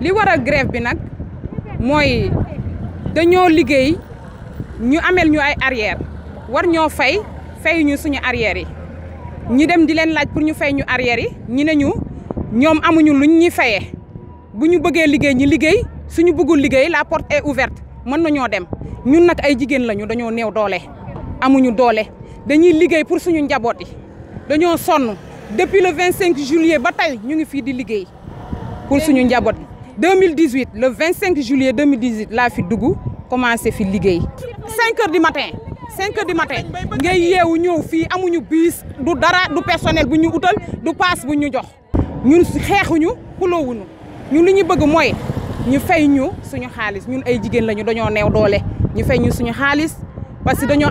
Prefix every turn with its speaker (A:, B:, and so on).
A: li waral grève bi nak moy dañoo liggéey ñu amel ñu ay arrière war ñoo fay fay ñu suñu arrière yi ñi dem di len laaj pour ñu fay ñu arrière yi ñi ne ñom amuñu luñ ñi fayé buñu bëggé bëggee liggéey ñi liggéey suñu bëggul liggéey la porte est ouverte mën nañu dem ñun nak ay jigéen lañu dañoo néew doolé amuñu doolé dañuy liggéey pour suñu njabot yi dañoo sonn depuis le 25 juillet ba tey ñu ngi fi di liggéey pour suñu njabot yi 2018 le 25 juillet 2018 la fi dougou commence fi liguer. 5 heures du matin 5 heures du matin nous amuñu bus, du dara du personnel nous sommes ici, du paas bu Nous Nous ñun nous xuloowuñu Nous Nous ñu nous nous ñu fay ñu suñu xaaliss ñun ay jigen lañu dañoo neew doole ñu fay ñu suñu xaaliss parce que dañoo